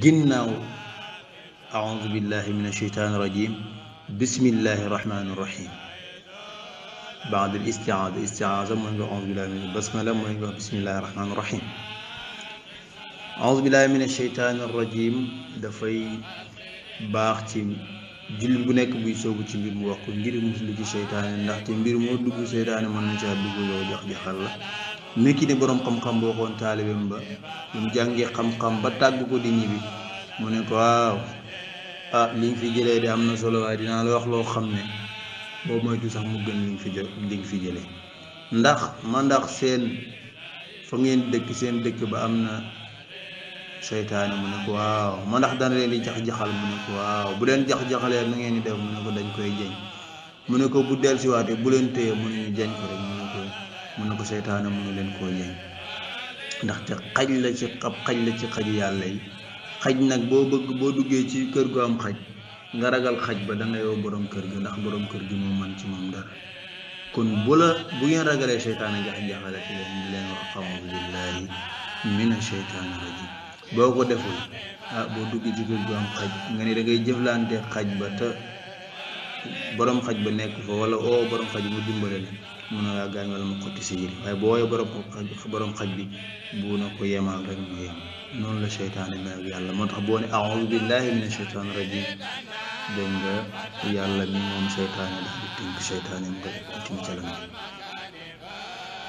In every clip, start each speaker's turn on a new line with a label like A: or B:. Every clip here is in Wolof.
A: جناو أعوذ بالله من الشيطان الرجيم بسم الله الرحمن الرحيم بعد الاستعاذة استعاذة مهمة أعوذ بالله من بسم الله مهمة بسم الله الرحمن الرحيم أعوذ بالله من الشيطان الرجيم دفعي باختيم جلب نك بيسو بتشي بيموقف جلب مسلك الشيطان نحتيم بيرمود بيسو الشيطان من نجاب بيجو يوجح بيخلا niki ah, ne borom xam xam bokon talibem ba dum jange xam xam ba tag ko di ñibi mu ne ko waaw ah li fi jele de amna solo way dina la wax lo xamne bo moy ju sax mu gën li fi jele li fi jele ndax man ndax seen fa ngeen dekk seen dekk ba amna shaytan mu ne ko waaw man ndax dan leen di jax jaxal mu ne ko waaw bu leen jax jaxale na ngeen di def mu ne ko dañ koy jeñ mu ne ko bu delsi waté bu leen teye mu ne ñu jeñ ko rek mun na ko seytaane munu leen koo ndax ndaxte xaj la ci ab xaj la ci xaju yàlla yi xaj nag boo bëgg boo duggee ci kër gu am xaj nga ragal xaj ba da nga yow borom kër gi ndax borom kër gi moo man ci moom dara kon bu bu ngeen ragalee seytaane jax-jaxale ci leen leen wax auzu billahi boo ko deful ah, boo duggee ci kër gu xaj nga ni dangay ngay jëflante xaj ba te borom xaj ba nekk fa wala oo oh, borom xaj mu dimbale leen mën mënoo laa gaañ wala mu xotti sa yére waaye boo borom borom xaj bi bu na ko yemal rek mu yem noonu la seytaane mel ak yàlla moo tax boo ne aoudu billahi min asheytaan rajim dégg nga yàlla mi moom seytaane dax di tënk seytaane mu koy tim calam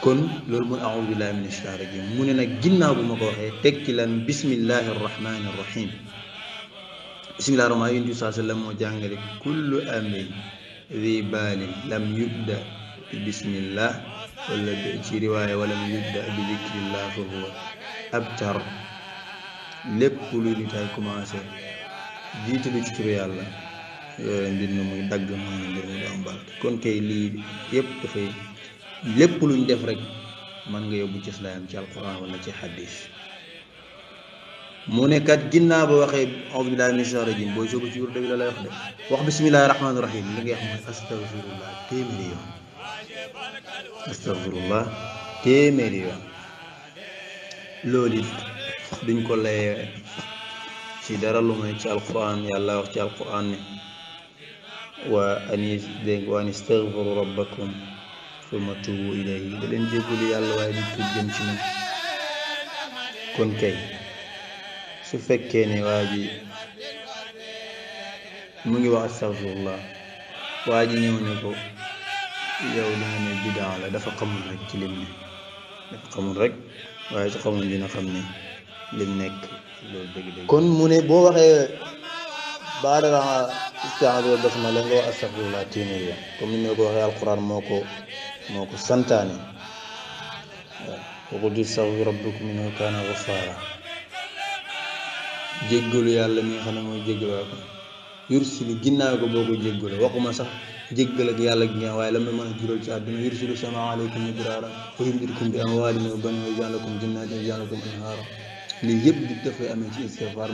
A: kon loolu mooy aoudu billahi min asheytaan rajim mu ne nag ginnaaw bu ma ko waxee tekki lan bismillahi arrahmani arrahim bismillahi rahmaan yonent bi saa sallam moo jàngale kullu amrin ri baalin lam yubda bi bismillah wala ci riwaaya wala mu yubda bi zikrillah fa huwa abtar lépp luy nitaay commencé jiitalu ci turu yàlla mbir mi muy dagg maanaam mbir mi du am kon kay lii yépp dafay lépp luñ def rek man nga yóbbu cëslaayam ci alquran wala ci xadis mu ne kat ginnaaw ba waxee auzu billahi mina shaytaani rajim booy soobu ci wird bi la lay wax de wax bismillahi rahmaani rahim li ngay wax mooy astaghfirullah téeméeri yoon astafurullah téeméeri yoon loolu it duñ ko layee ci dara lu may ci alquran yàlla wax ci alquran ne wa anis dégg wa an istagfiru yàlla waaye di tuub kon kay su fekkee ne waa ji mu ngi wax astafurullah waa ji ñëw ne yow naa ne bidaa dafa xamul rek ci lim ne dafa xamul rek waaye su xamul dina xam ne lim nekk kon mu ne boo waxee baadara istiaada wal basmala nga wax astaxfirullah téeméer yoon comme ni ma ko waxee alquran moo ko santaani ko santaane waaw waqul istaxfiru rabbakum innahu kaana gaffaara jéggalu yàlla mi nga xam ne mooy jéggalu waa ko yursilu ginnaaw boo ko jéggalu waxuma sax jéggal ak yàlla gi ñaaw waaye la may mën a jural ci àdduna yursilu samaa aleykum midraara wa yumdidkum bi amwaalin wa baniin wa yaj'al lakum jannaatin wa yaj'al lakum anhaara lii yëpp di dafay amee ci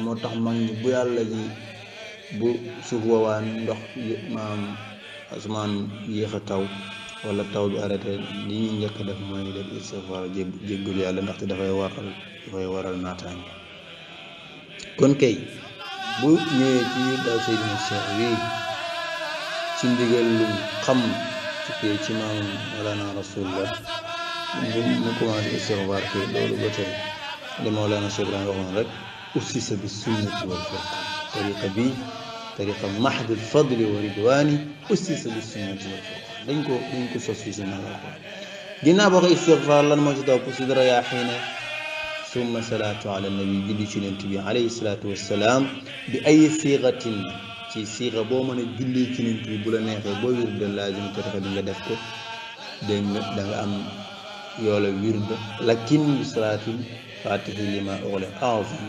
A: moo tax mag ñi bu yàlla ji bu suuf woowaan ndox maam asmaan yéex a taw wala taw bi arrêté li ñuy njëkk def mooy def istighfaar jég jéggul yàlla ndaxte dafay waral dafay waral naataange kon kay bu ñëwee ci daaw Seydina Cheikh wii ان ان ان ان ان ان قم في اتمام مولانا رسول الله نكون على الاستغفار في الدول البتر لمولانا شبران ان رك أسس بالسنة والفرقة طريقة بي طريقة محض الفضل ورضواني أسس بالسنة والفرقة لنكو ان شوس في سنة الأخرى جينا بغى استغفار لنا موجودة وقصيد ريا حين ثم صلاة ان النبي جلي شنين عليه الصلاة والسلام بأي صيغة ci siixa boo mën a julli ci nit bu la neexee boo wirde laazim te tax di nga def ko dégg nga da am yoola wirde lakin bi salaatul faatihi li ma uxli azam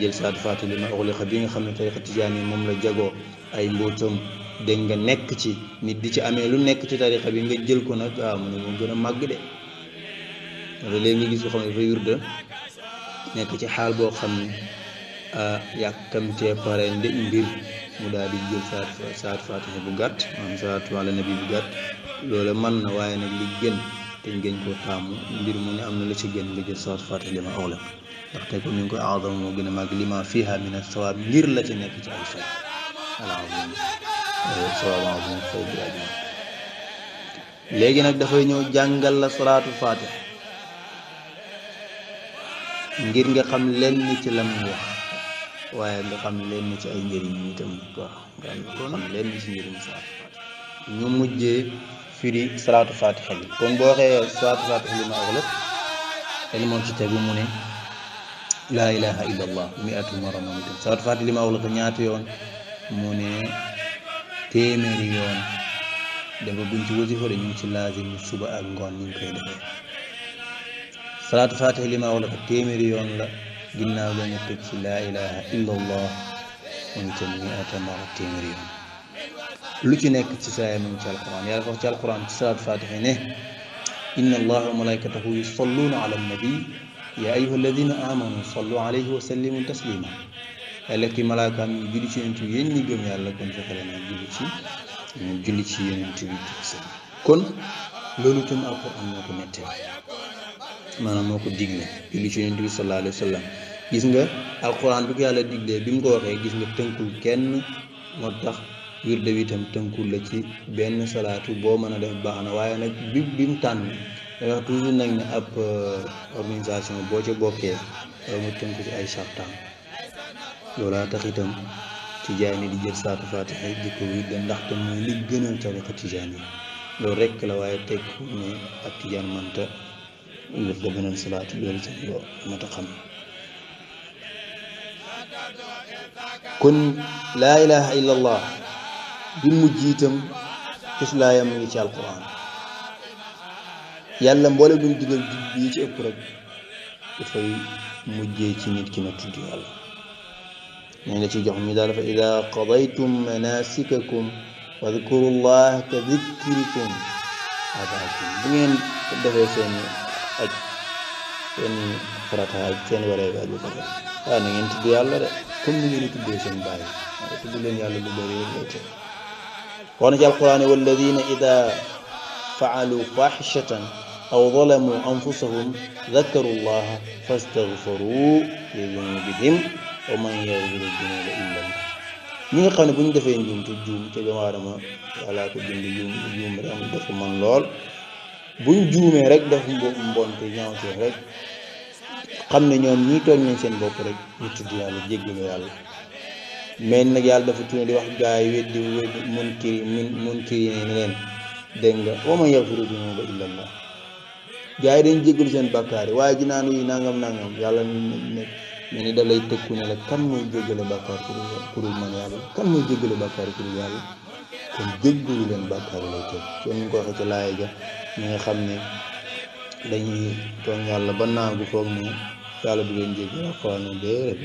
A: jël salaatu faatihi li ma uxli xa bi nga xam ne tariqa tijaan yi moom la jagoo ay mbóotam dégg nga nekk ci nit di ci amee lu nekk ci tariqa bi nga jël ko nag waaw ah, mu ne moo gën a màgg de wala léegi nga gis ko xam ne dafa wirde nekk ci xaal boo xam ne Euh, yàkkamtee pare nde mbir mu daal di jël saat saat fatiha bu gàtt maanaam salaatu ala nabi bu gàtt loola mën na waaye nag li gën te ngeen koo taamu mbir mu ne am na la ci gën nga jël saat fatiha lima gën a màgg lima fiha min asawaab ngir la ci nekk ci ay euh, léegi nag dafay ñëw jàngal la salaatu fatiha ngir nga xam lenn ci lam wax waaye nga xam leen ci ay njëriñ yi itam quoi nga ñu mujjee firi salaatu fatiha yi kon boo waxee salaatu fatiha li ma axlaq dañu moom ci tegu mu ne laa ilaha illa allah mi atu mara moom itam salaatu fatiha li ma axlaq ñaata yoon mu ne téeméeri yoon dafa buñ ci wasifa dañu ngi ci laazim suba ak ngoon ñu ngi koy defee salaatu fatiha li ma axlaq téeméeri yoon la ginnaaw la ñu teg ci laa ilaha illa allah mun ca miata mara téeméeri yoon lu ci nekk ci saaya mu ngi ci alquran yàlla wax ci alquran ci salaat fatiha ne inna allaha wa malaikatahu yusalluuna ala annabi ya ayuha alladina amanu sallu alayhi wa sallimu taslima yàlla ki malaakaam yi julli ci yonent bi yéen ñi gëm yàlla kon fexe leen ak julli ci julli ci yonent bi kon loolu tam alquran moo ko nettee maanaam moo ko digle julli bi sallallahu alayhi wa sallam gis nga alxuraan bi ko yàlla digle bi mu ko waxee gis nga tënkul kenn moo tax wirde wi itam tënkul la ci benn salaatu boo mën a def baax na waaye nag bi bi mu tànn wax toujours nag ne ab euh, organisation boo ca bokkee yow nga tënku ci ay sartaam loolaa tax itam tijaan yi di jël saatu faatiha di ko wirde ndaxte mooy li gënal tariqa tijaan yi loolu rekk la waaye teg ne ab tijaan mënta ويقولون أن صلاة بيرجيو متقم كن لا إله إلا الله بمجيتم كسلا يمني في القرآن يلا مولا بن دقل جبيت أبرك فهي مجيتي نيت كما تجي الله يعني لتي جعل مدار فإذا قضيتم مناسككم واذكروا الله كذكركم أباكم بين دفع سيني aj seen farata aj seen waree bi aj ba pare waaw na ngeen tudd yàlla de comme ni ngeen tuddee seen baay waaye tudd leen yàlla lu bëri rek lay teg wax na ci alquran walladina ida faalu faxishatan aw dalamu anfusahum dakaru llaha fastagfaru li dunubihim wa man yagfiru dunuba illa llah ñi nga xam ne bu ñu defee njuum te juum te doomu aadama yàlla ko bind juum juum rek am def man lool buñ juumee rek def mbon mbonte ñaawtee rek xam ne ñoom ñii tooñ nañ seen bopp rek ñu tudd yàlla jéggalu yàlla mais nag yàlla dafa tudd di wax gaa yi weddi weddi nga wa man yaghfiru dunuuba illa Allah gaa yi seen bàkkaar yi waaye ji naan yi nangam nangam yàlla ne ne ni da lay tëkku ne la kan mooy jéggale bàkkaar ku dul man yàlla kan mooy jéggale bàkkaar ku leen bàkkaar lay tëkk soo ñu ko waxee ci laaya ja ñi nga xam ne dañuy tooñ yàlla ba naagu foog ne yàlla du leen jéggal alxuraan déedéet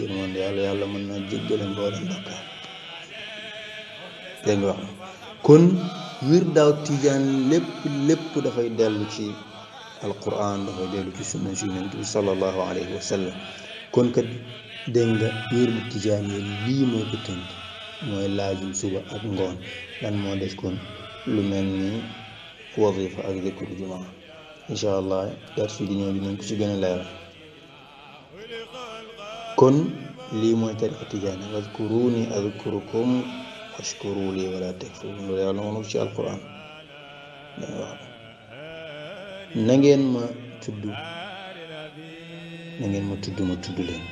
A: du moom yàlla yàlla mën na jéggale mboolem bàkkaar dégg nga wax kon wir daaw tijaan lépp lépp dafay dellu ci alquran dafay dellu ci sunna si yonent bi sallallahu alayhi wa sallam kon kat dégg nga bu tijaan yi lii moo ko mooy laajum suba ak ngoon lan moo des kon lu mel nii wadifa ak zikru juma incha allah dars bi di ñëw dinañ ko ci gën a leer kon lii mooy tariqa tijaani wadkuruni adkurukum washkuru li wala takfurun loolu yàlla moonu ci alquran dañ wax na ngeen ma tudd na ngeen ma tudd ma tudd leen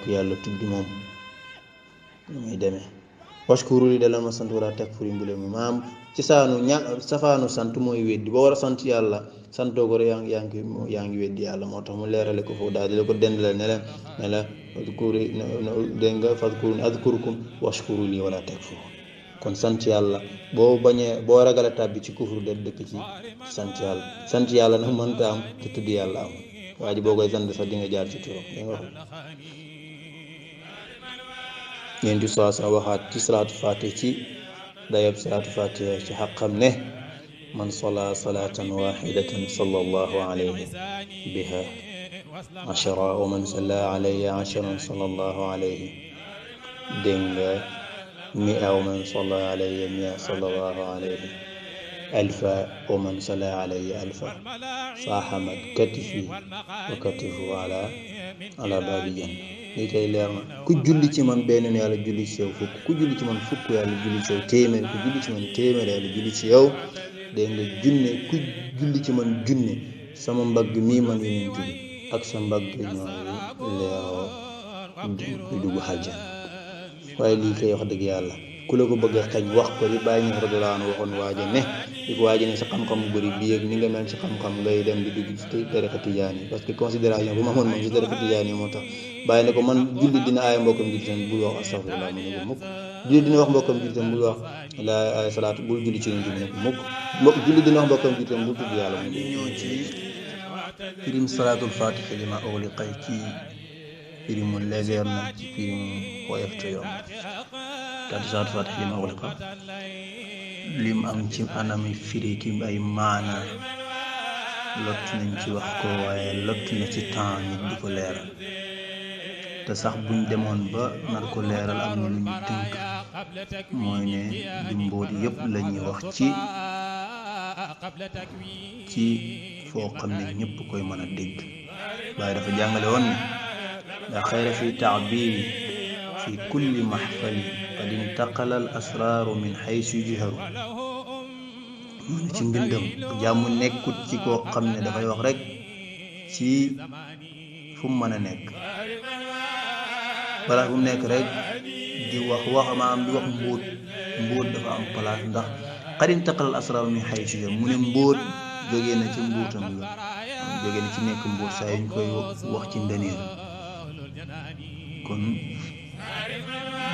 A: ku yàlla tudd moom nu muy washkuru li dalal ma sant wala takfuri mbule mu maam ci saanu ña safaanu sant mooy weddi ba war a sant yàlla santoo ko yaa ngi yaa ngi yaa ngi weddi yàlla moo tax mu leerale ko foofu daal di la ko dend la ne la ne la adkuru dégg nga fadkuruni adkurukum washkuru li wala takfur kon sant yàlla boo bañee boo ragala tàbbi ci kufur del dëkk ci sant yàlla sant yàlla nag mënta am te yàlla waa boo koy sant sax di nga jaar ñeen ju saa sa waxaat ci salaatu fatih ci dayab salaatu fatih ci xaqam من صلى صلاة واحدة صلى الله عليه بها عشرة ومن صلى علي عشرا صلى الله عليه دنجا مئة ومن صلى علي مئة صلى الله عليه ألفا ومن صلى عليه ألفا فحمد كتفي وكتفه على على باب الجنة lii kay leer na ku julli ci man benn yàlla julli ci yow fukk ku julli ci man fukk yàlla julli ci yow téeméer ku julli ci man téeméer yàlla julli ci yow dégg julli ci man junne sama mbagg mii man yonent bi ak sa mbagg ñooy leeroo du dugg xaljan waaye lii kay wax dëgg yàlla ku la ko bëgg a wax ko li bàyyi ñëw radiyallaahu anhu waxoon waaja ne di ko waaja ne sa xam-xam bëri bi ak ni nga mel si xam-xam ngay dem di dugg ci tariqa tijaan parce que considération bu ma amoon moom si tariqa tijaan yi moo tax bàyyi ne ko man julli dina aaya mbokkam jullitam bul wax astaghfirullah mu ne ko julli dina bul wax la ay salaatu bul julli ci ne julli dina wax mbokkam jullitam bul tudd yàlla mu firim salaatul fatiha li ma ughliqa ci firim mu léger na ci firim woyof te yomb kàddu salaatu faatihi li ma lim am ci anami firi ki ay maana lott nañ ci wax ko waaye lott na ci temps nit di ko leeral te sax buñ demoon ba nar ko leeral am na lu tënk mooy ne du yépp la wax ci ci foo xam ne ñépp koy mën a dégg dafa jàngale woon ne da fi taabiiri fi kulli maxfali qad intaqala al asraaru min xaysu yujharu mu ne ci mbindam jàmm nekkut ci koo xam ne dafay wax rek ci fu mu mën a nekk place bu mu nekk rek di wax wax maanaam di wax mbóot mbóot dafa am ndax qad intaqala al asraaru min xaysu yujharu mu ne mbóot jógee na ci mbóotam la jógee na ci nekk mbóot saa yu koy wax ci ndëneel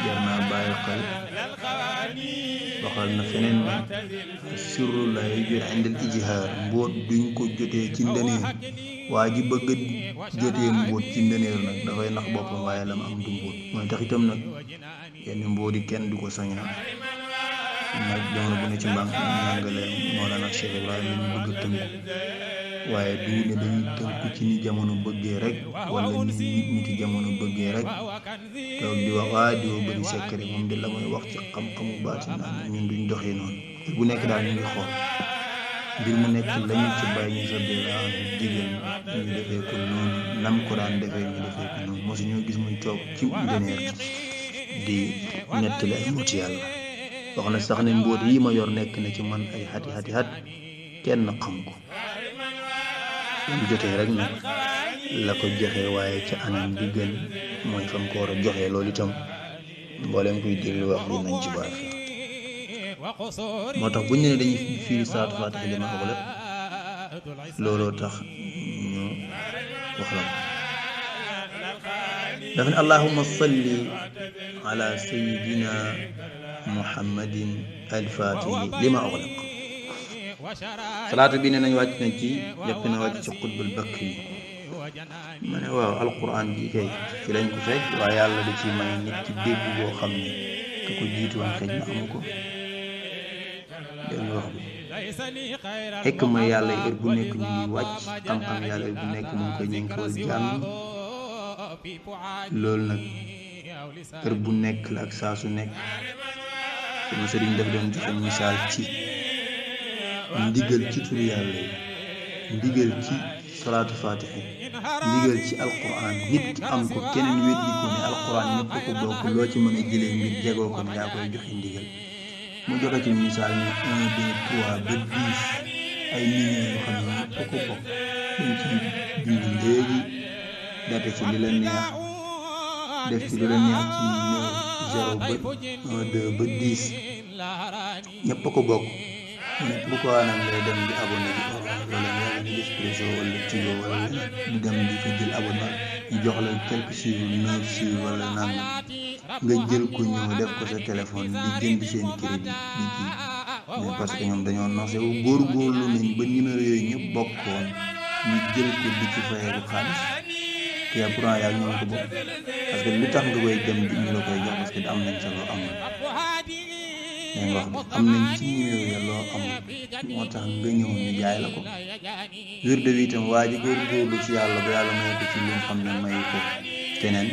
A: جرنا بايقل بخلنا فنن سر لا يجر عند الإجهار بود دينكو جتي تندني واجي بقد جتي بود تندني رنا دفعي نخبا بمايا لما أمدن بود ما تخيتم نك يعني بودي كن دوكو سانيا ما جمعنا بني تمبان نانجلي مولانا شيخ الله يجب بقد تنكو waaye du ne dañuy tënku ci ni jamono bëggee rek wala rek toog di wax waa di woo bëri secret moom de la mooy wax ci xam-xamu baati naan ñun duñ doxee noonu bu nekk daal ñu ngi xool mbir mu nekk lañu ci bàyyi ñu sa daan jigéen ñu defee ko noonu nam daan defee ñu defee ko noonu mosu gis muy toog ci ndeneer di nettali ay mbooti yàlla wax na sax ne mboot yi ma yor nekk na ci man ay xati xati xat kenn xam ko bu jotee rek nag la ko joxe waaye ci anam bi gën mooy fam ko war a joxe loolu itam mboolem kuy déglu wax li nañ ci baax moo tax bu ñu ne dañuy firi saatu faatiha li ma ko la looloo tax ñu wax la ko dafa ne allahuma salli ala sayidina muhammadin alfaatihi li ma ko la salaatu bi ne nañ wàcc nañ ci yàq na wàcc ci xutbul bakk yi ma ne waaw alquran ji kay ci lañ ko fekk waaye yàlla da ci may nit ci dégg boo xam ne ka ko jiitu woon xëj na ko dañu wax yàlla heure bu nekk ñu ngi wàcc xam-xam yàlla heure bu nekk mu ngi koy ñu ngi loolu nag heure bu nekk la ak saa su nekk sama sëriñ daf doon joxe misaal ci ndigal ci turu yàlla ndigal ci salaatu faatiha nit am ko keneen weddi ko ne alquran ñëpp ko bokk loo ci mën a ngir jegoo ko ne koy joxe ndigal mu joxe ci misaal ni un deux trois ba dix ay millions yoo xam ne ñëpp ko bokk dañ ci léegi date ci li la neex def ci li la neex ci zéro ba un deux ba dix ñëpp ko bokk nit bu ko anam ngay dem di abonné ji orange wala ngay di Expresso wala di dem di fa jël abonnement ñu jox la quelques chiffres neuf chiffres wala nangam nga jël ko ñëw def ko sa téléphone di jënd seen crédit di kii mais parce que ñoom dañoo noose wu góorgóorlu nañ ba numéro yooyu ñëpp bokkoon ñu jël ko di ci fayeeku xaalis yaa courant yaa ñoom ko bokk parce que lu tax nga koy dem di ñu la koy jox parce que am nañ sa loo amul dañ wax am nañ ci réew ya loo am moo tax nga ñëw ñu jaay la ko wirde wi itam waa ji góorgóorlu ci yàlla bu yàlla may ko ci xam ne may ko keneen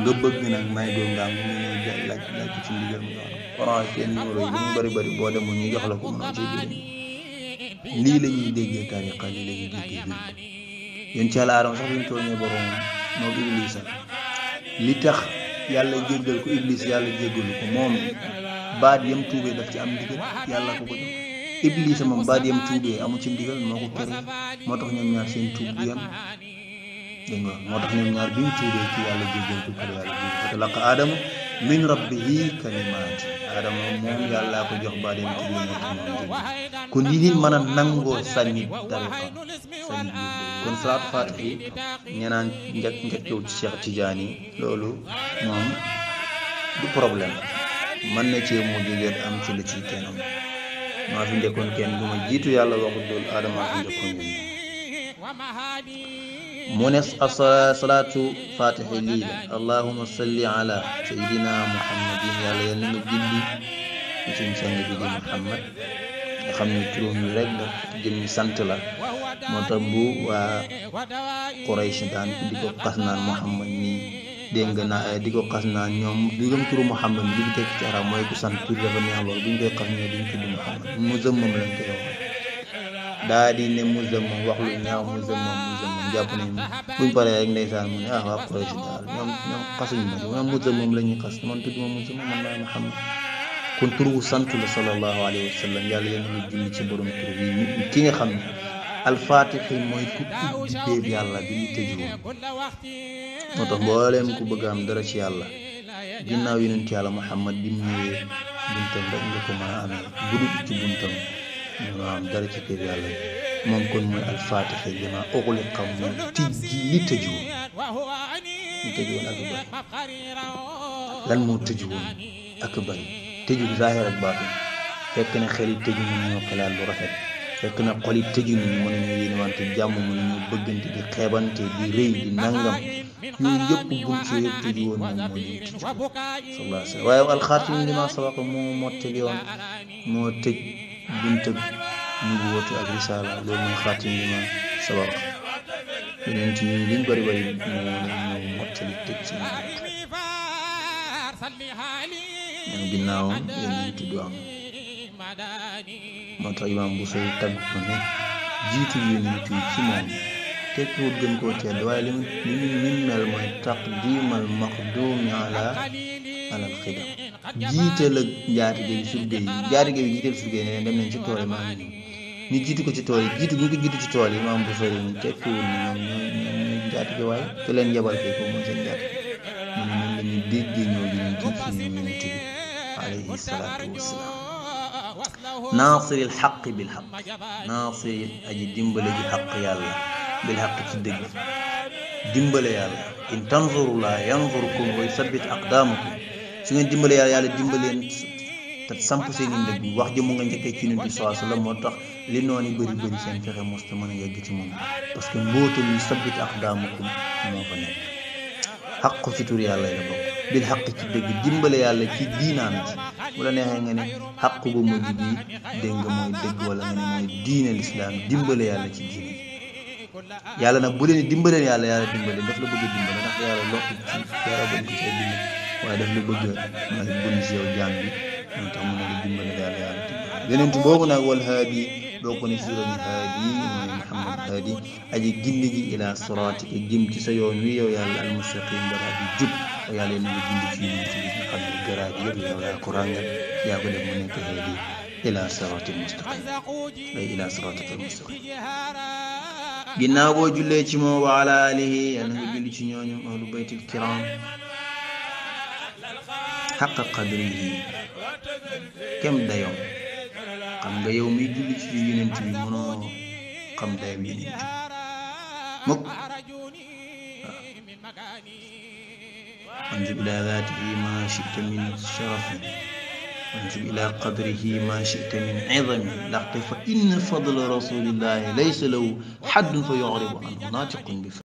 A: nga bëgg nag may góor nga am ñu ñëw jaay laaj laaj ko ci ndigal mu doon orange seen numéro yi lu mu bëri bëri boo demoon ñu jox la ko mënoon ci biir lii lañuy ñuy déggee tariqa lii la ñuy déggee wirde yéen ci tax yàlla jéggal ko iblis yàlla jéggalu ko moom baat yam tuube daf ci am ndigal yalla ko ko iblis mom baat yam tuube amu ci ndigal kan, moko tere motax ñom ñaar seen tuube yam dengo motax ñom ñaar biñ tuube ci yalla jëgël ko ko yalla jëgël ko laq adam min rabbihi kalimat adam mom yalla ko jox baat yam tuube ko ni ni mana nango sañi tariqa kon salat fatihi ñaan ñak ñak ci cheikh tidiane lolu mom du problème mën na cee mujj jot am ci lu ciy kenam maa fi njëkkoon kenn bu ma jiitu yàlla waxut loolu aadama fi njëkkoon mu ne asalaatu faatixe lii la allahuma salli ala sayidina muhammadin yàlla yal na nga julli ci suñ sang bi di muhammad nga xam ne turam yi rek nga jëmmi sant la moo tax bu waa Quraysh daan di ko xas naan muhammad nii dégg nga naa eh, di ko xas naa ñoom duram turu Muhammad li ñu tekki ci arab mooy ku sant tur dafa neex lool bu ñu koy xas ñoo duñ tudd Muhammad muzammam lañ koy wax daa di ne muzammam wax lu ñaaw nañ buñ paree rek ndeysaan mu ne ah waa Quraysh daal ñoom ñoom xasuñ la ñuy xas man tudd ma muzammam man naa Muhammad kon turu sant la sallallahu alayhi wa sallam yàlla yéen a ngi ci borom ki nga xam ne alfaatixi mooy ku ubbi yàlla bi ñu tëjuwoon moo tax mbooleem ku bëgg am dara ci yàlla ginnaaw yonent yàlla muhammad bi mu ñëwee buntam rek nga ko mën amee budul ci buntam mënoo am ci kër yàlla moom kon mooy alfaatixi jamaa uxliqa mooy tijji li tëjuwoon li tëjuwoon lan moo tëjuwoon ak bari tëju baatu fekk na xel yi tëju ñun ñoo xalaat lu rafet. lekk na xol yi tëju nañu mën nañu yéenewante jàmm mën nañu bëggante di xeebante di rëy di nangam yooyu yëpp buñ ci yëpp tëju woon moom moo ñuy tëj sallallahu alayhi waaye alxaatim lima sabaqa moo mottali woon moo tëj bunte ñu woote ak risaala loolu mooy xaatim lima sabaqa yeneen ci ñun liñ bëri bëri moo moo mottali ginnaaw am moo tax imaam bu sooy tagg ko ne jiitu yonent yi ci moom tekkiwut gën koo tedd waaye li mu li mu nimmeel mooy taqdiimal maqduumi ala alal xidam jiital ak njaatige bi surge yi bi jiital surge yi ne dem nañ ci tool yi maa ngi ñu jiitu ko ci tool yi jiitu ñu ko jiitu ci tool yi maam bu sori ñu tekkiwul ne ñoom ñoo waaye te leen yebal fii ko mooy seen njaatige ñu ne moom déggee ñoo ji ñu jiitu ñu yonent bi alayhi salaatu wasalaam naasiril xaq bil xaq naasir aji dimbale ji xaq yàlla bil xaq ci dëgg dimbale yàlla in tanzuru laa yanzurukum wa yusabbit aqdaamakum su ngeen dimbale yàlla yàlla dimbaleen te samp seeni ndëgg wax jëmu nga njëkkee ci Yonent bi sallallahu alayhi moo tax li noonu bëri bëri seen fexe mos mën a yegg ci moom parce que mbootum yusabbit aqdaamakum tur yàlla la bokk bil xaq ci dëgg dimbale yàlla ci diinaam ji bu la neexee nga ne xaq bu mujj bi dégg nga mooy dëgg wala nga ne mooy diine lislaam dimbale yàlla ci diine ji yàlla nag bu leen dimbaleen yàlla yàlla dimbale daf la bëgg a dimbale ndax yàlla lott ci dara bañ ko cee dimbale waaye daf la bëgg a nag bun si yow jaam bi moo tax mu ne la dimbale yàlla yàlla dimbale yonent boobu nag wal haadi boo ko ne si doon haadi mooy Muhammad haadi aji gindi ji ila siraati jëm ci sa yoon wi yow yàlla almustaqim dara di jub yàlla na nga bind fii nii ci li nga xam ne garaaj yëpp yow yaa ko ràngal yaa ko def mu nekk xeedi ila siratil mustaqim ay eh, ila siratil mustaqim ginnaaw boo jullee ci moom wa ala alihi yàlla na nga julli ci ñooñu ahlu baytil kiram xaqa qadrihi kem dayoom xam nga yow miy julli ci yonent bi mënoo xam dayoom yonent mukk وانجب إلى ذاته ما شئت من شرف وانجب إلى قدره ما شئت من عظم لقف إن فضل رسول الله ليس له حد فيعرض عنه ناطق بفضل